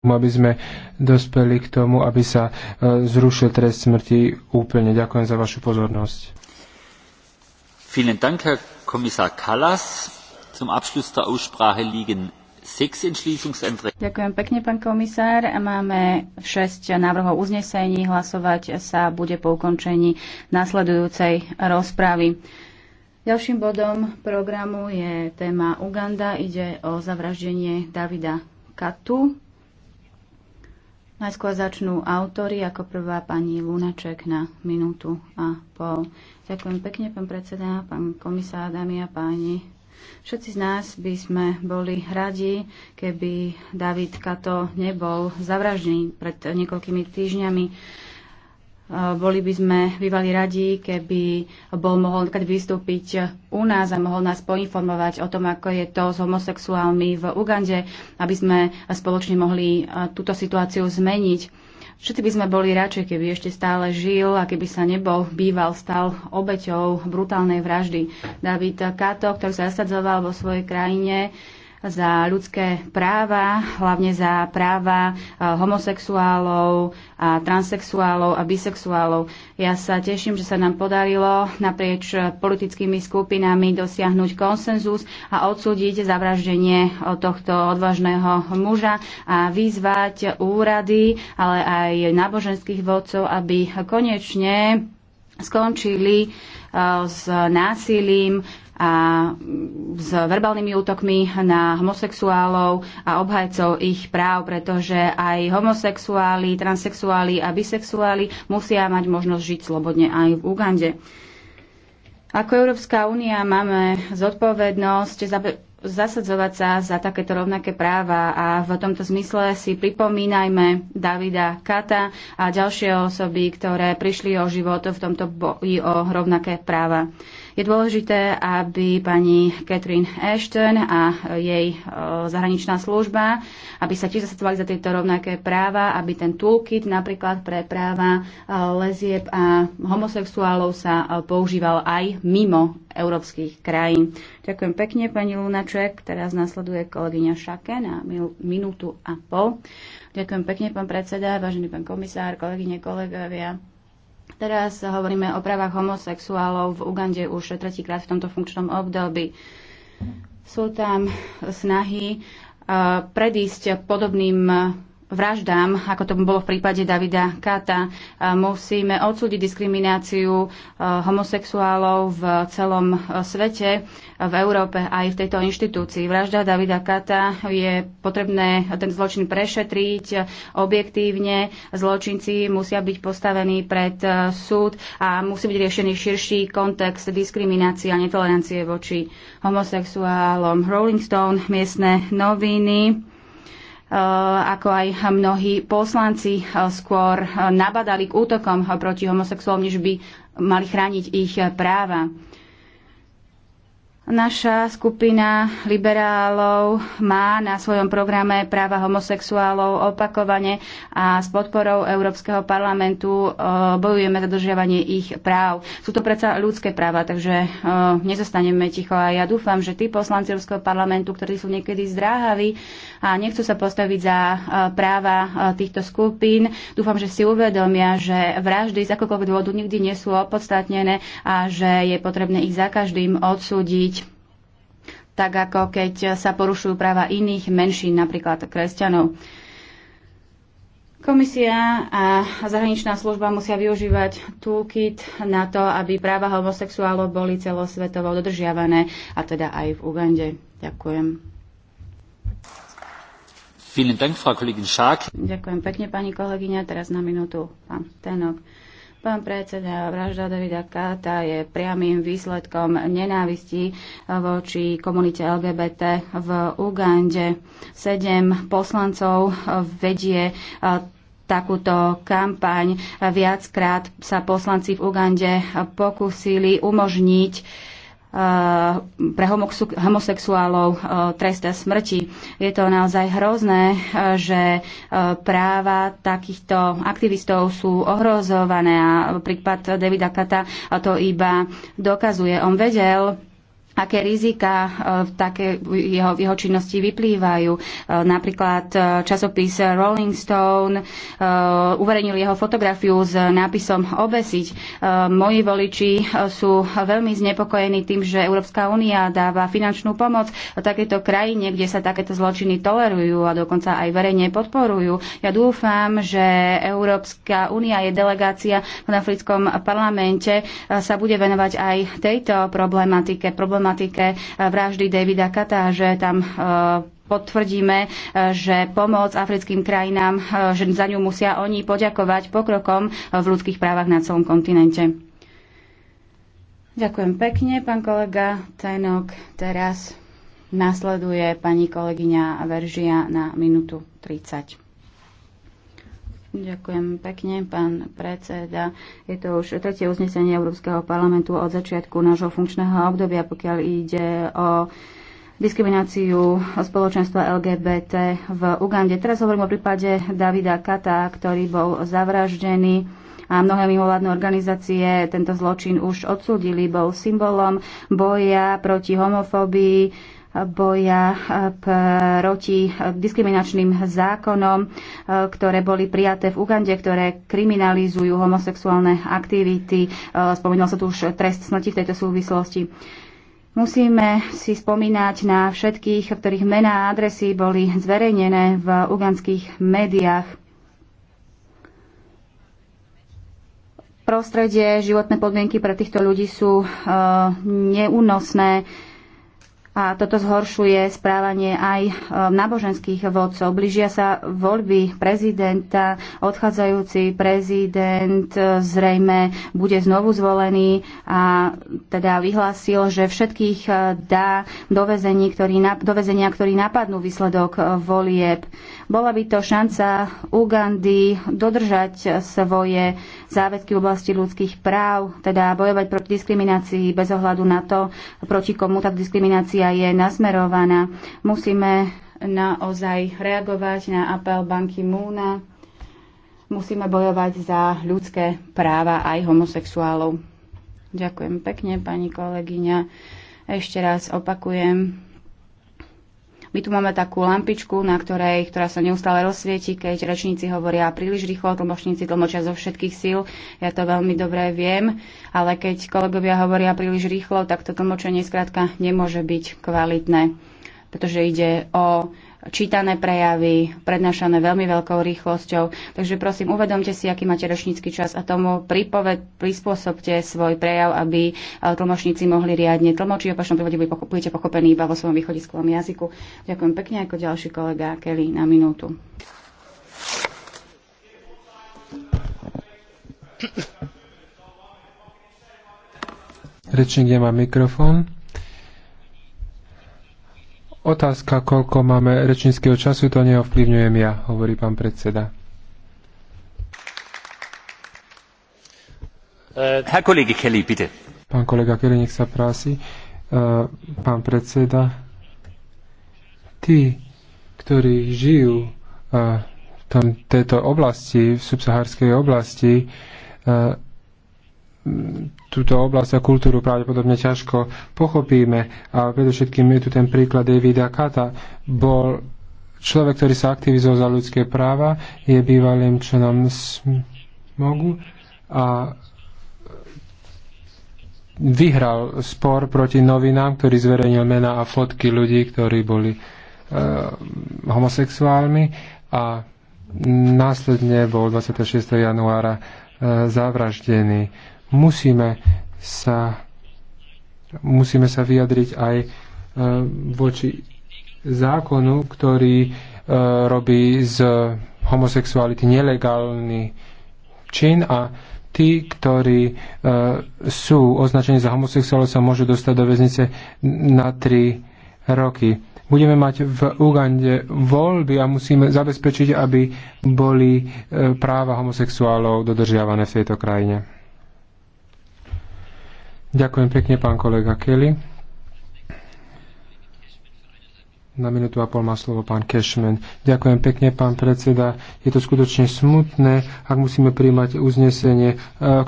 aby sme dospeli k tomu, aby sa e, zrušil trest smrti úplne. Ďakujem za vašu pozornosť. Vielen Dank, Herr Kommissar Kallas. Zum Abschluss der Aussprache liegen sechs Entschließungsanträge. Ďakujem pekne, pán komisár. Máme šesť návrhov uznesení. Hlasovať sa bude po ukončení nasledujúcej rozpravy. Ďalším bodom programu je téma Uganda. Ide o zavraždenie Davida Katu. Najskôr začnú autory, ako prvá pani Lunaček na minútu a pol. Ďakujem pekne, pán predseda, pán komisár, dámy a páni. Všetci z nás by sme boli radi, keby David Kato nebol zavraždený pred niekoľkými týždňami. Boli by sme bývali radi, keby bol mohol vystúpiť u nás a mohol nás poinformovať o tom, ako je to s homosexuálmi v Ugande, aby sme spoločne mohli eh, túto situáciu zmeniť. Všetci by sme boli radšej, keby ešte stále žil a keby sa nebol býval, stal obeťou brutálnej vraždy. David Kato, ktorý sa zasadzoval vo svojej krajine, za ľudské práva, hlavne za práva eh, homosexuálov a transexuálov a bisexuálov. Ja sa teším, že sa nám podarilo naprieč politickými skupinami dosiahnuť konsenzus a odsúdiť zavraždenie eh, tohto odvážneho muža a vyzvať úrady, ale aj náboženských vodcov, aby konečne skončili eh, s násilím, a s verbálnymi útokmi na homosexuálov a obhajcov ich práv, pretože aj homosexuáli, transexuáli a bisexuáli musia mať možnosť žiť slobodne aj v Ugande. Ako Európska únia máme zodpovednosť za zasadzovať sa za takéto rovnaké práva a v tomto zmysle si pripomínajme Davida Kata a ďalšie osoby, ktoré prišli o život v tomto boji o rovnaké práva. Je dôležité, aby pani Catherine Ashton a jej e, zahraničná služba, aby sa tiež zasadzovali za tieto rovnaké práva, aby ten toolkit napríklad pre práva e, lezieb a homosexuálov sa e, používal aj mimo európskych krajín. Ďakujem pekne, pani Lunaček. Teraz nasleduje kolegyňa Šake na minútu a pol. Ďakujem pekne, pán predseda, vážený pán komisár, kolegyne, kolegovia. Teraz hovoríme o právach homosexuálov v Ugande už tretíkrát v tomto funkčnom období. Sú tam snahy eh, predísť podobným vraždám, ako to bolo v prípade Davida Kata. Musíme odsúdiť diskrimináciu e, homosexuálov v celom e, svete, v Európe aj v tejto inštitúcii. Vražda Davida Kata je potrebné ten zločin prešetriť e, objektívne. Zločinci musia byť postavení pred súd a musí byť riešený širší kontext diskriminácie a netolerancie voči homosexuálom. Rolling Stone, miestne noviny Eh, ako aj mnohí poslanci eh, skôr eh, nabadali k útokom proti homosexuálom, než by mali chrániť ich práva. Naša skupina liberálov má na svojom programe práva homosexuálov opakovane a s podporou Európskeho parlamentu e, bojujeme za dodržiavanie ich práv. Sú to predsa ľudské práva, takže e, nezostaneme ticho a ja dúfam, že tí poslanci Európskeho parlamentu, ktorí sú niekedy zdráhaví a nechcú sa postaviť za e, práva týchto skupín, dúfam, že si uvedomia, že vraždy z akokoľvek dôvodu nikdy nie sú opodstatnené a že je potrebné ich za každým odsúdiť tak ako keď sa porušujú práva iných menšín, napríklad kresťanov. Komisia a zahraničná služba musia využívať toolkit na to, aby práva homosexuálov boli celosvetovo dodržiavané, a teda aj v Ugande. Ďakujem. Ďakujem pekne, pani kolegyňa. Teraz na minútu pán Tenok. Pán predseda, vražda Davida Káta je priamým výsledkom nenávisti voči komunite LGBT v Ugande. Sedem poslancov vedie takúto kampaň. Viackrát sa poslanci v Ugande pokúsili umožniť pre homosexuálov e, trest smrti. Je to naozaj hrozné, e, že e, práva takýchto aktivistov sú ohrozované a prípad Davida Kata to iba dokazuje. On vedel, aké rizika e, v také jeho, jeho činnosti vyplývajú. E, napríklad e, časopis Rolling Stone uverejnil jeho fotografiu s nápisom obesiť. Moji voliči sú veľmi znepokojení tým, že Európska únia dáva finančnú pomoc takéto krajine, kde sa takéto zločiny tolerujú a dokonca aj verejne podporujú. Ja dúfam, že Európska únia je delegácia v Africkom parlamente sa bude venovať aj tejto problematike, problematike problematike eh, vraždy Davida že Tam eh, potvrdíme, eh, že pomoc africkým krajinám, že za ňu musia oni poďakovať pokrokom v ľudských právach na celom kontinente. Ďakujem pekne, pán kolega Tenok. Teraz nasleduje pani kolegyňa Veržia na minútu 30. Ďakujem pekne, pán predseda. Je to už tretie uznesenie Európskeho parlamentu od začiatku nášho funkčného obdobia, pokiaľ ide o diskrimináciu spoločenstva LGBT v Ugande. Teraz hovorím o prípade Davida Kata, ktorý bol zavraždený a mnohé mimovládne organizácie tento zločin už odsúdili. Bol symbolom boja proti homofóbii, boja eh, proti eh, diskriminačným zákonom, eh, ktoré boli prijaté v Ugande, ktoré kriminalizujú homosexuálne aktivity. Spomínal sa tu už trest smrti v tejto súvislosti. Musíme si spomínať na všetkých, ktorých mená a adresy boli zverejnené v ugandských médiách. Prostredie, životné podmienky pre týchto ľudí sú uh, neúnosné. Uh, a toto zhoršuje správanie aj e, náboženských vodcov. Blížia sa voľby prezidenta, odchádzajúci prezident e, zrejme bude znovu zvolený a teda vyhlásil, že všetkých e, dá do, väzení, ktorý, do vezenia, ktorí napadnú výsledok volieb. Bola by to šanca Ugandy dodržať svoje záväzky v oblasti ľudských práv, teda bojovať proti diskriminácii bez ohľadu na to, proti komu tá diskriminácia je nasmerovaná. Musíme naozaj reagovať na apel banky Múna. Musíme bojovať za ľudské práva aj homosexuálov. Ďakujem pekne, pani kolegyňa. Ešte raz opakujem, my tu máme takú lampičku, na ktorej, ktorá sa neustále rozsvieti, keď rečníci hovoria príliš rýchlo, tlmočníci tlmočia zo všetkých síl, ja to veľmi dobre viem, ale keď kolegovia hovoria príliš rýchlo, tak to tlmočenie skrátka nemôže byť kvalitné, pretože ide o čítané prejavy, prednášané veľmi veľkou rýchlosťou. Takže prosím, uvedomte si, aký máte ročnícky čas a tomu pripoved, prispôsobte svoj prejav, aby e, tlmočníci mohli riadne tlmočiť. V opačnom prípade budete pochopení iba vo svojom východiskovom jazyku. Ďakujem pekne ako ďalší kolega Kelly na minútu. Rečník nemá mikrofón. Otázka, koľko máme rečníckého času, to neovplyvňujem ja, hovorí pán predseda. Eh, Herr Kollege Kelly, bitte. Pán kolega Kelly, nech sa prási. Eh, pán predseda, tí, ktorí žijú eh, v tejto oblasti, v subsahárskej oblasti, túto oblasť a kultúru pravdepodobne ťažko pochopíme. A predovšetkým je tu ten príklad Davida Kata. Bol človek, ktorý sa aktivizoval za ľudské práva, je bývalým členom SMOGu a vyhral spor proti novinám, ktorý zverejnil mená a fotky ľudí, ktorí boli e, homosexuálmi a následne bol 26. januára e, zavraždený musíme sa, musíme sa vyjadriť aj e, voči zákonu, ktorý e, robí z homosexuality nelegálny čin a tí, ktorí e, sú označení za homosexuálov, sa môžu dostať do väznice na 3 roky. Budeme mať v Ugande voľby a musíme zabezpečiť, aby boli práva homosexuálov dodržiavané v tejto krajine. Ďakujem pekne, pán kolega Kelly. na minútu a pol má slovo pán Kešmen. Ďakujem pekne, pán predseda. Je to skutočne smutné, ak musíme príjmať uznesenie, e,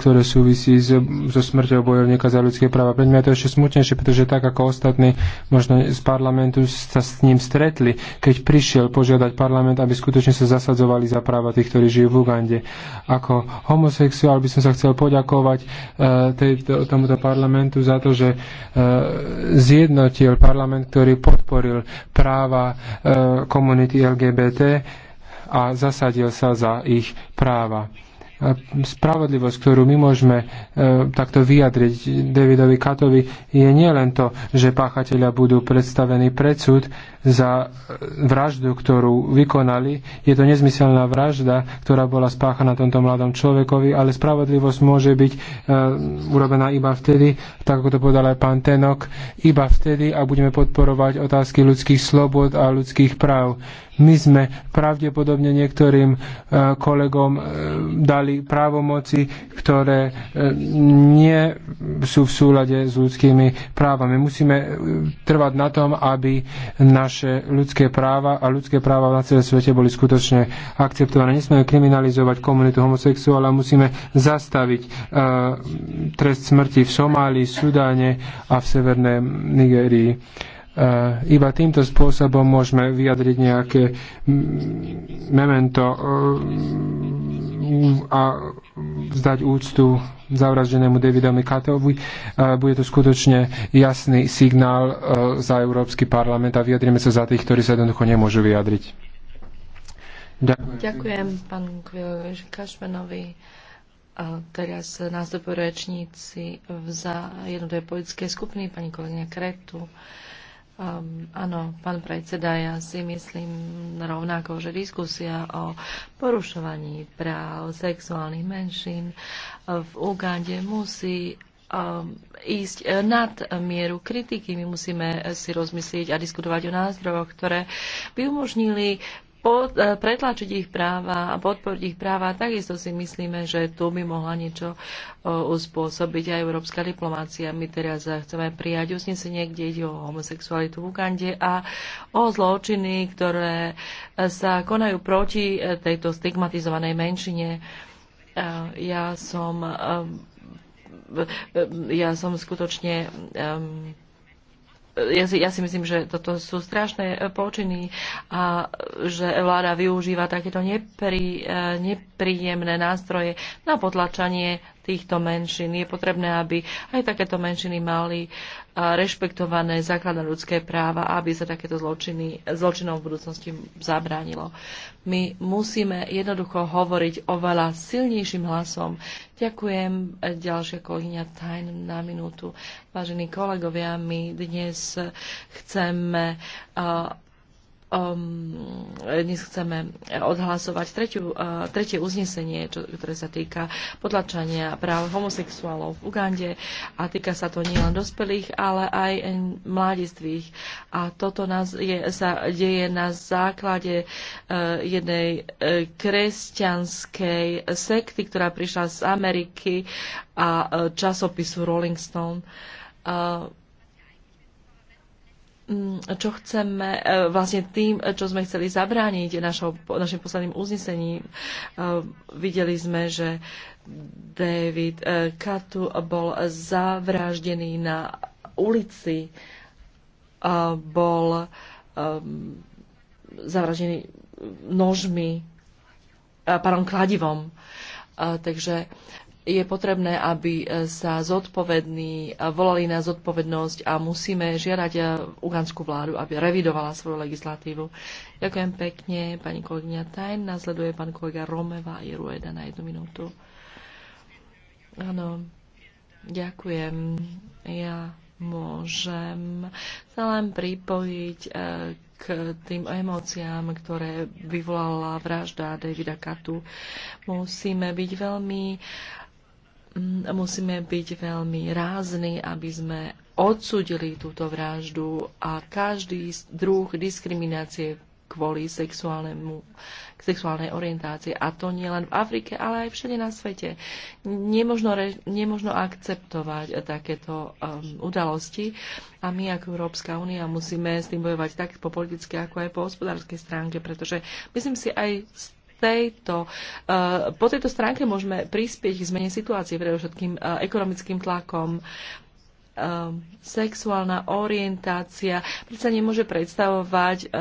ktoré súvisí so smrťou bojovníka za ľudské práva. Pre mňa je to ešte smutnejšie, pretože tak ako ostatní možno z parlamentu sa s ním stretli, keď prišiel požiadať parlament, aby skutočne sa zasadzovali za práva tých, ktorí žijú v Ugande. Ako homosexuál by som sa chcel poďakovať e, tejto, tomuto parlamentu za to, že e, zjednotil parlament, ktorý podporil práva e, komunity LGBT a zasadil sa za ich práva spravodlivosť, ktorú my môžeme e, takto vyjadriť Davidovi Katovi, je nielen to, že páchatelia budú predstavení pred súd za e, vraždu, ktorú vykonali. Je to nezmyselná vražda, ktorá bola spáchaná tomto mladom človekovi, ale spravodlivosť môže byť e, urobená iba vtedy, tak ako to povedal aj pán Tenok, iba vtedy a budeme podporovať otázky ľudských slobod a ľudských práv my sme pravdepodobne niektorým e, kolegom e, dali právomoci, ktoré e, nie sú v súlade s ľudskými právami. Musíme trvať na tom, aby naše ľudské práva a ľudské práva na celom svete boli skutočne akceptované. Nesmieme kriminalizovať komunitu homosexuála, musíme zastaviť trest smrti v Somálii, Sudáne a v Severnej Nigérii iba týmto spôsobom môžeme vyjadriť nejaké memento a zdať úctu zavraždenému Davidovi Katovi. Bude to skutočne jasný signál za Európsky parlament a vyjadrime sa za tých, ktorí sa jednoducho nemôžu vyjadriť. Ďakujem, Ďakujem pán Kašmenovi. A teraz nás rečníci za jednotlivé politické skupiny, pani kolegyňa Kretu. Um, áno, pán predseda, ja si myslím rovnako, že diskusia o porušovaní práv sexuálnych menšín eh, v Ugande musí um, ísť eh, nad mieru kritiky. My musíme eh, si rozmyslieť a diskutovať o nástrojoch, ktoré by umožnili pod, eh, pretlačiť ich práva a podporiť ich práva. Takisto si myslíme, že tu by mohla niečo eh, uspôsobiť aj európska diplomácia. My teraz eh, chceme prijať usnesenie, kde ide o homosexualitu v Ugande a o zločiny, ktoré sa konajú proti tejto stigmatizovanej menšine. Ja som ja som skutočne ja si, ja si myslím, že toto sú strašné e, počiny a že vláda využíva takéto nepri, e, nepríjemné nástroje na potlačanie týchto menšín. Je potrebné, aby aj takéto menšiny mali e, rešpektované základné ľudské práva, aby sa takéto zločiny, zločinom v budúcnosti zabránilo. My musíme jednoducho hovoriť oveľa silnejším hlasom. Ďakujem e, ďalšia kolegyňa Tajn na minútu. Vážení kolegovia, my dnes chceme uh, um, dnes chceme odhlasovať tretiu, uh, tretie uznesenie, čo, ktoré sa týka potlačania práv homosexuálov v Ugande a týka sa to nielen dospelých, ale aj mladistvých. A toto nás je, sa deje na základe uh, jednej uh, kresťanskej sekty, ktorá prišla z Ameriky a uh, časopisu Rolling Stone. Uh, Mm, čo chceme, e, vlastne tým, e, čo sme chceli zabrániť našou, našim posledným uznesením, e, videli sme, že David Katu bol zavraždený na ulici, bol zavraždený nožmi, pardon, kladivom. Takže je potrebné, aby e, sa zodpovední e, volali na zodpovednosť a musíme žiadať e, ugandskú vládu, aby revidovala svoju legislatívu. Ďakujem pekne, pani kolegyňa Tajn. Nasleduje pán kolega Romeva i Rueda na jednu minútu. Áno, ďakujem. Ja môžem sa len pripojiť k tým emóciám, ktoré vyvolala vražda Davida Katu. Musíme byť veľmi uh, Mm, musíme byť veľmi rázni, aby sme odsudili túto vraždu a každý druh diskriminácie kvôli sexuálnemu, sexuálnej orientácii. A to nie len v Afrike, ale aj všade na svete. Nemožno, re, nemožno akceptovať takéto um, udalosti a my ako Európska únia musíme s tým bojovať tak po politickej, ako aj po hospodárskej stránke, pretože myslím si aj z tejto, eh, po tejto stránke môžeme prispieť k zmene situácie, predovšetkým eh, ekonomickým tlakom, eh, sexuálna orientácia. Predsa nemôže predstavovať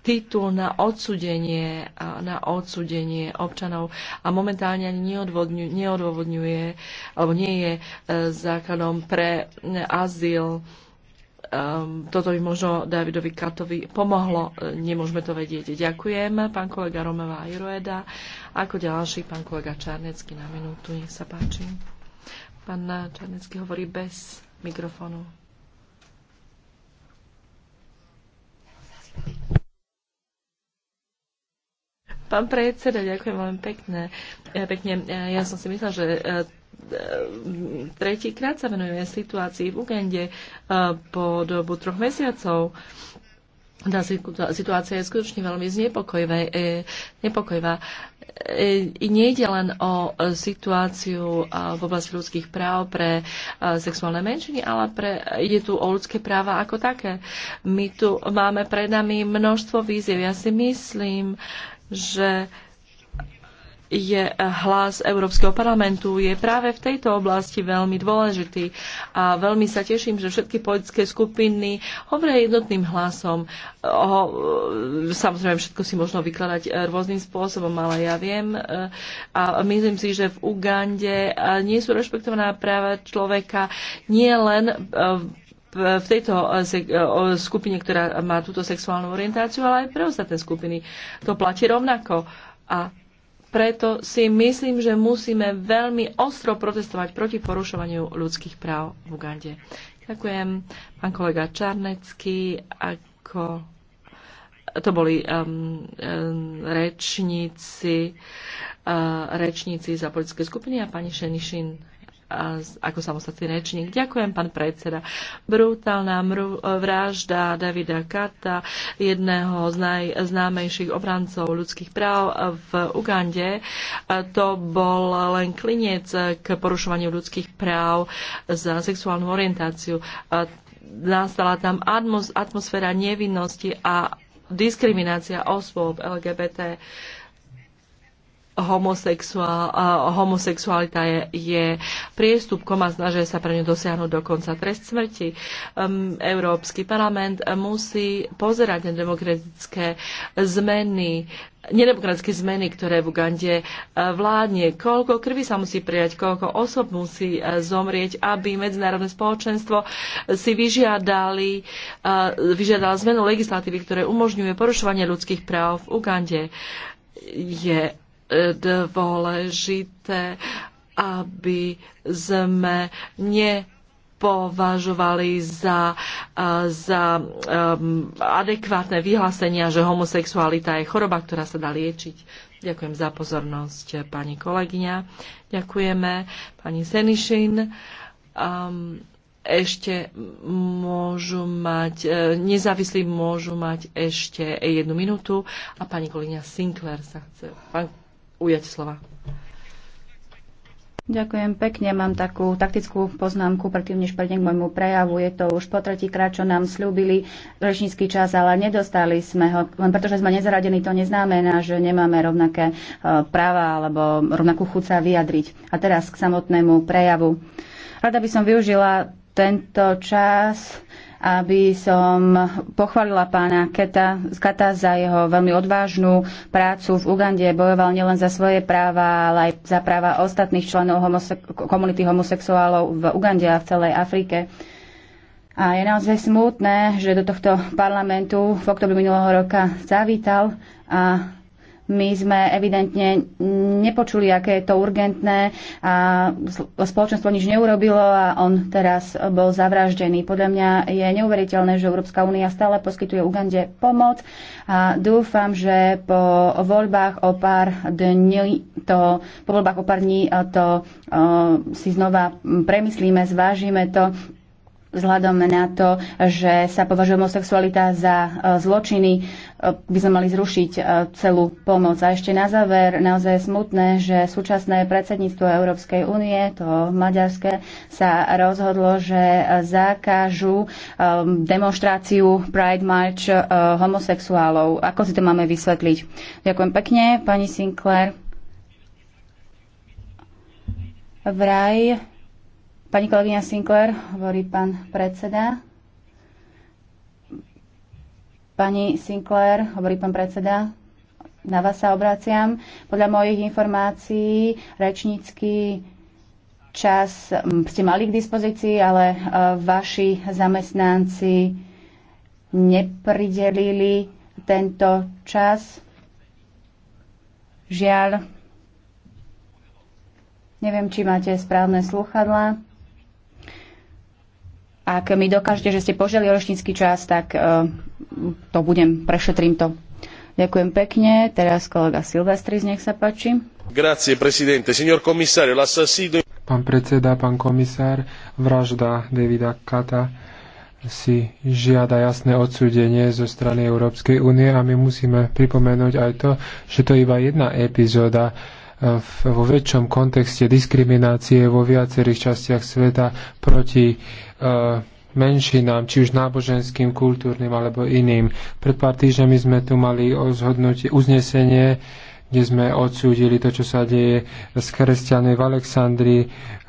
titul na odsudenie, na odsudenie občanov a momentálne ani neodvodňuje, alebo nie je základom pre azyl um, toto by možno Davidovi Katovi pomohlo. E, nemôžeme to vedieť. Ďakujem, pán kolega Romeva Ajroeda. Ako ďalší, pán kolega Čarnecký na minútu. Nech sa páči. Pán Čarnecký hovorí bez mikrofónu. Pán predseda, ďakujem veľmi pekne. pekne. Ja som si myslela, že e, E, tretíkrát sa venujeme situácii v Ugande e, po dobu troch mesiacov. Tá situácia je skutočne veľmi znepokojivá. E, nepokojivá. nejde len o situáciu v oblasti ľudských práv pre sexuálne menšiny, ale pre, ide tu o ľudské práva ako také. My tu máme pred nami množstvo víziev. Ja si myslím, že je hlas Európskeho parlamentu je práve v tejto oblasti veľmi dôležitý a veľmi sa teším, že všetky politické skupiny hovoria jednotným hlasom. O, samozrejme, všetko si možno vykladať eh, rôznym spôsobom, ale ja viem eh, a myslím si, že v Ugande eh, nie sú rešpektovaná práva človeka nie len v tejto skupine, ktorá má túto sexuálnu orientáciu, ale aj pre ostatné skupiny. To platí rovnako. A preto si myslím, že musíme veľmi ostro protestovať proti porušovaniu ľudských práv v Ugande. Ďakujem. Pán kolega Čarnecký, ako to boli um, um, rečníci, uh, rečníci za politické skupiny a pani Šenišin ako samostatný rečník. Ďakujem, pán predseda. Brutálna vražda Davida Kata, jedného z najznámejších obrancov ľudských práv v Ugande, to bol len klinec k porušovaniu ľudských práv za sexuálnu orientáciu. Nastala tam atmosféra nevinnosti a diskriminácia osôb LGBT homosexuál, homosexualita je, je priestupkom a snažia sa pre ňu dosiahnuť dokonca trest smrti. Um, Európsky parlament musí pozerať na demokratické zmeny nedemokratické zmeny, ktoré v Ugande uh, vládne. Koľko krvi sa musí prijať, koľko osob musí uh, zomrieť, aby medzinárodné spoločenstvo si vyžiadali, uh, vyžiadalo zmenu legislatívy, ktoré umožňuje porušovanie ľudských práv v Ugande. Je dôležité, aby sme ne považovali za, za um, adekvátne vyhlásenia, že homosexualita je choroba, ktorá sa dá liečiť. Ďakujem za pozornosť, pani kolegyňa. Ďakujeme, pani Senišin. Um, ešte môžu mať, e, nezávislí môžu mať ešte jednu minútu a pani kolegyňa Sinclair sa chce, pán ujať slova. Ďakujem pekne. Mám takú taktickú poznámku predtým, než prejdem k môjmu prejavu. Je to už po tretíkrát, čo nám slúbili rečnícky čas, ale nedostali sme ho. Len pretože sme nezaradení, to neznamená, že nemáme rovnaké e, práva alebo rovnakú chuť sa vyjadriť. A teraz k samotnému prejavu. Rada by som využila tento čas aby som pochválila pána Keta, Kata za jeho veľmi odvážnu prácu v Ugande. Bojoval nielen za svoje práva, ale aj za práva ostatných členov homose- komunity homosexuálov v Ugande a v celej Afrike. A je naozaj smutné, že do tohto parlamentu v oktobri minulého roka zavítal a my sme evidentne nepočuli, aké je to urgentné a spoločenstvo nič neurobilo a on teraz bol zavraždený. Podľa mňa je neuveriteľné, že Európska únia stále poskytuje Ugande pomoc a dúfam, že po voľbách o pár dní to, po voľbách o pár dní to uh, si znova premyslíme, zvážime to vzhľadom na to, že sa považuje homosexualita za e, zločiny, e, by sme mali zrušiť e, celú pomoc. A ešte na záver, naozaj je smutné, že súčasné predsedníctvo Európskej únie, to maďarské, sa rozhodlo, že zakážu demonstráciu Pride March homosexuálov. Ako si to máme vysvetliť? Ďakujem pekne, pani Sinclair. Vraj Pani kolegyňa Sinclair, hovorí pán predseda. Pani Sinclair, hovorí pán predseda, na vás sa obráciam. Podľa mojich informácií rečnícky čas ste mali k dispozícii, ale e, vaši zamestnanci nepridelili tento čas. Žiaľ, neviem, či máte správne sluchadla. Ak mi dokážete, že ste požiali ročnícky čas, tak e, to budem, prešetrím to. Ďakujem pekne. Teraz kolega Silvestris, nech sa páči. Grazie, presidente. Signor commissario, l'assassino... Pán predseda, pán komisár, vražda Davida Kata si žiada jasné odsúdenie zo strany Európskej únie a my musíme pripomenúť aj to, že to je iba jedna epizóda vo väčšom kontexte diskriminácie vo viacerých častiach sveta proti e, menšinám, či už náboženským, kultúrnym alebo iným. Pred pár týždňami sme tu mali uznesenie, kde sme odsúdili to, čo sa deje s kresťanmi v Alexandrii,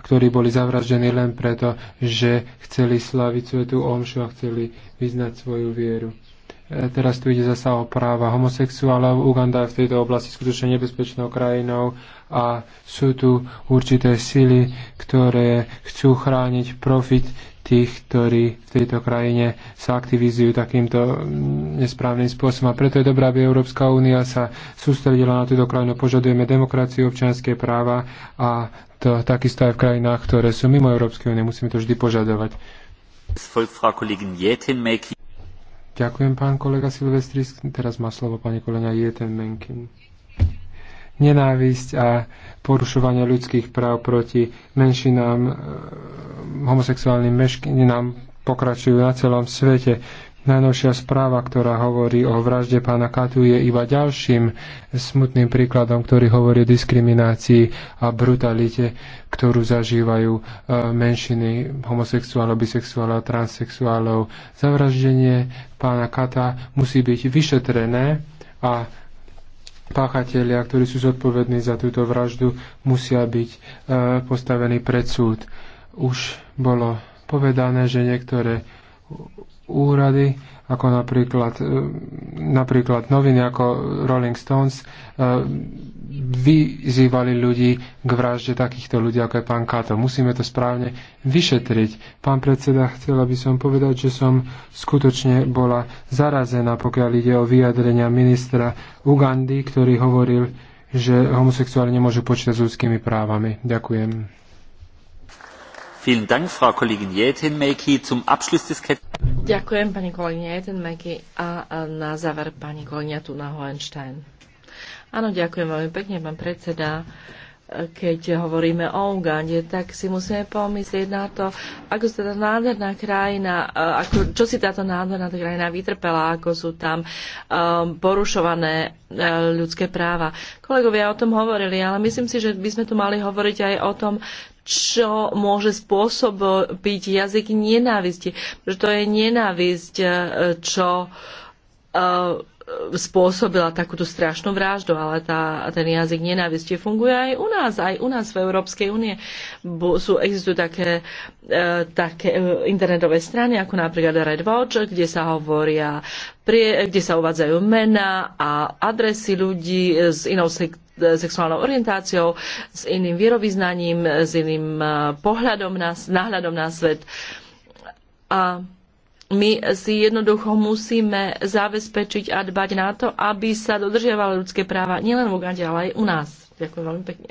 ktorí boli zavraždení len preto, že chceli slaviť svetú omšu a chceli vyznať svoju vieru. Teraz tu ide zasa o práva homosexuálov. Uganda je v tejto oblasti skutočne nebezpečnou krajinou a sú tu určité sily, ktoré chcú chrániť profit tých, ktorí v tejto krajine sa aktivizujú takýmto mm, nesprávnym spôsobom. A preto je dobré, aby Európska únia sa sústredila na túto krajinu. Požadujeme demokraciu, občianské práva a to takisto aj v krajinách, ktoré sú mimo Európskej únie. Musíme to vždy požadovať. Ďakujem, pán kolega Silvestris. Teraz má slovo pani kolega Jeten Menkin. Nenávisť a porušovanie ľudských práv proti menšinám, eh, homosexuálnym menšinám pokračujú na celom svete. Najnovšia správa, ktorá hovorí o vražde pána Katu, je iba ďalším smutným príkladom, ktorý hovorí o diskriminácii a brutalite, ktorú zažívajú e, menšiny homosexuálov, bisexuálov, transsexuálov. Zavraždenie pána Kata musí byť vyšetrené a páchatelia, ktorí sú zodpovední za túto vraždu, musia byť e, postavení pred súd. Už bolo povedané, že niektoré úrady, ako napríklad, e, napríklad noviny ako Rolling Stones, e, vyzývali ľudí k vražde takýchto ľudí, ako je pán Kato. Musíme to správne vyšetriť. Pán predseda, chcela by som povedať, že som skutočne bola zarazená, pokiaľ ide o vyjadrenia ministra Ugandy, ktorý hovoril, že homosexuáli nemôžu počítať s ľudskými právami. Ďakujem. Ďakujem pani kolegyne Jetenmeky a na záver pani kolegyňa Tuna Hohenstein. Áno, ďakujem veľmi pekne, pán predseda. Keď hovoríme o Ugande, tak si musíme pomyslieť na to, ako sa tá nádherná krajina, e, ako, čo si táto nádherná krajina vytrpela, ako sú tam um, porušované e, ľudské práva. Kolegovia o tom hovorili, ale myslím si, že by sme tu mali hovoriť aj o tom, čo môže spôsobiť jazyk nenávisti. Že to je nenávisť, eh, čo uh, spôsobila takúto strašnú vraždu, ale tá, ten jazyk nenávistie funguje aj u nás, aj u nás v Európskej únie. Sú, existujú také, e, také e, internetové strany, ako napríklad Red Watch, kde sa hovoria, prie, kde sa uvádzajú mená a adresy ľudí s inou sek- sexuálnou orientáciou, s iným vierovýznaním, s iným e, pohľadom na, náhľadom na svet. A my si jednoducho musíme zabezpečiť a dbať na to, aby sa dodržiavali ľudské práva nielen v Ugande, ale aj u nás. Ďakujem veľmi pekne.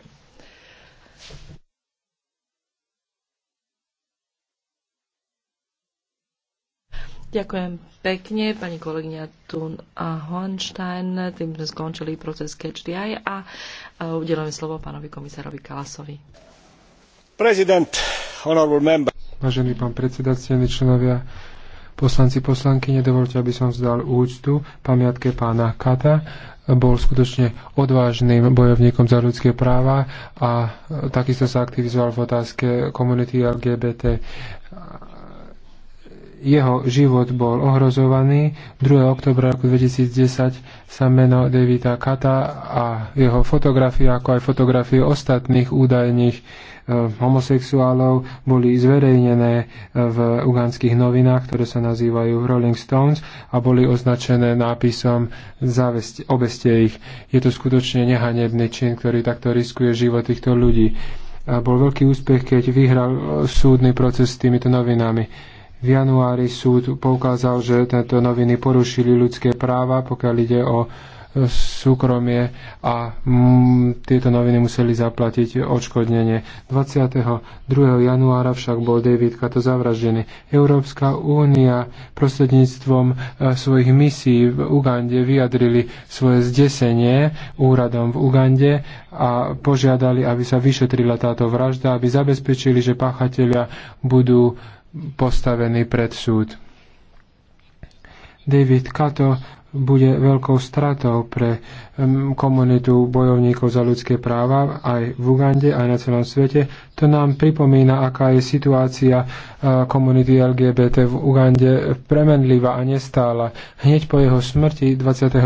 Ďakujem pekne, pani kolegyňa Tun a Hohenstein. Tým sme skončili proces eye a udelujem slovo pánovi komisárovi Kalasovi. Prezident, honorable member. Vážený pán predseda, členovia Poslanci, poslanky, nedovolte, aby som vzdal úctu pamiatke pána Kata. Bol skutočne odvážnym bojovníkom za ľudské práva a takisto sa aktivizoval v otázke komunity LGBT jeho život bol ohrozovaný. 2. oktobra roku 2010 sa meno Davida Kata a jeho fotografie, ako aj fotografie ostatných údajných e, homosexuálov boli zverejnené e, v ugandských novinách, ktoré sa nazývajú Rolling Stones a boli označené nápisom Zaveste, obeste ich. Je to skutočne nehanebný čin, ktorý takto riskuje život týchto ľudí. A bol veľký úspech, keď vyhral súdny proces s týmito novinami v januári súd poukázal, že tento noviny porušili ľudské práva, pokiaľ ide o e, súkromie a mm, tieto noviny museli zaplatiť odškodnenie. 22. januára však bol David Kato zavraždený. Európska únia prostredníctvom e, svojich misií v Ugande vyjadrili svoje zdesenie úradom v Ugande a požiadali, aby sa vyšetrila táto vražda, aby zabezpečili, že páchatelia budú postavený pred súd. David Kato bude veľkou stratou pre komunitu bojovníkov za ľudské práva aj v Ugande, aj na celom svete. To nám pripomína, aká je situácia e, komunity LGBT v Ugande premenlivá a nestála. Hneď po jeho smrti 28.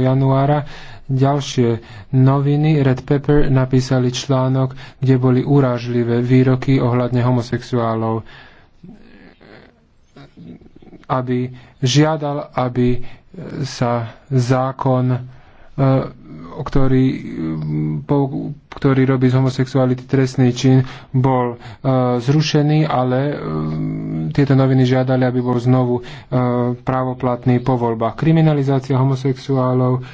januára ďalšie noviny Red Pepper napísali článok, kde boli urážlivé výroky ohľadne homosexuálov aby žiadal, aby e, sa zákon e, ktorý, ktorý robí z homosexuality trestný čin, bol e, zrušený, ale tieto noviny žiadali, aby bol znovu právoplatný po voľbách. Kriminalizácia homosexuálov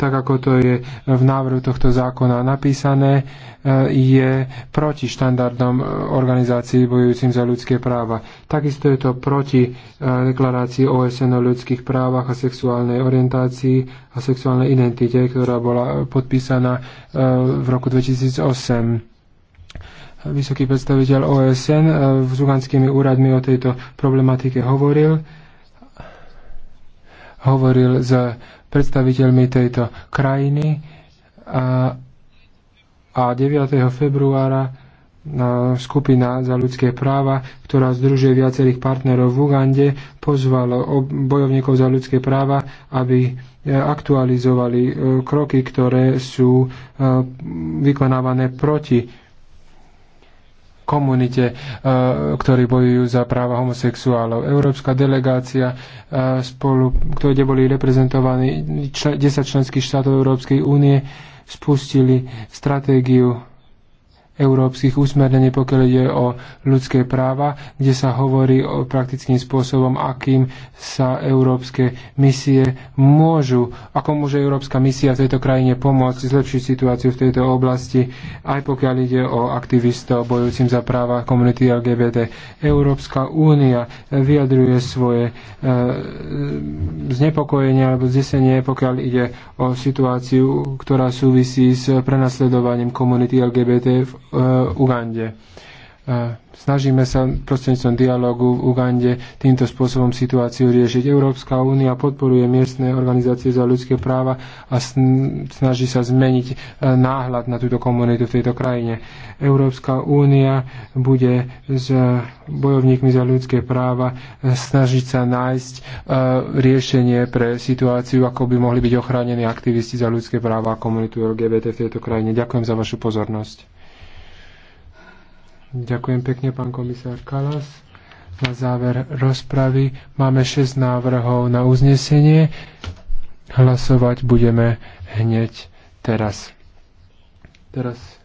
tak ako to je v návrhu tohto zákona napísané, e, je proti štandardom e, organizácií bojujúcim za ľudské práva. Takisto je to proti e, deklarácii OSN o ľudských právach a sexuálnej orientácii a sexuálnej identite, ktorá bola podpísaná v roku 2008 vysoký predstaviteľ OSN s uganskými úradmi o tejto problematike hovoril hovoril s predstaviteľmi tejto krajiny a, a 9. februára no, skupina za ľudské práva, ktorá združuje viacerých partnerov v Ugande, pozvalo bojovníkov za ľudské práva, aby e, aktualizovali e, kroky, ktoré sú e, vykonávané proti komunite, e, ktorí bojujú za práva homosexuálov. Európska delegácia, e, spolu, kde boli reprezentovaní 10 členských štátov Európskej únie, spustili stratégiu európskych usmernení, pokiaľ ide o ľudské práva, kde sa hovorí o praktickým spôsobom, akým sa európske misie môžu, ako môže európska misia v tejto krajine pomôcť zlepšiť situáciu v tejto oblasti, aj pokiaľ ide o aktivistov bojúcim za práva komunity LGBT. Európska únia vyjadruje svoje e, znepokojenie alebo zdesenie, pokiaľ ide o situáciu, ktorá súvisí s prenasledovaním komunity LGBT v Eh, Ugande. Eh, snažíme sa prostredníctvom dialogu v Ugande týmto spôsobom situáciu riešiť. Európska únia podporuje miestne organizácie za ľudské práva a snaží sa zmeniť eh, náhľad na túto komunitu v tejto krajine. Európska únia bude s bojovníkmi za ľudské práva snažiť sa nájsť riešenie pre situáciu, ako by mohli byť ochránení aktivisti za ľudské práva a komunitu LGBT v tejto krajine. Ďakujem za vašu pozornosť. Ďakujem pekne, pán komisár Kalas. Na záver rozpravy máme 6 návrhov na uznesenie. Hlasovať budeme hneď teraz. Teraz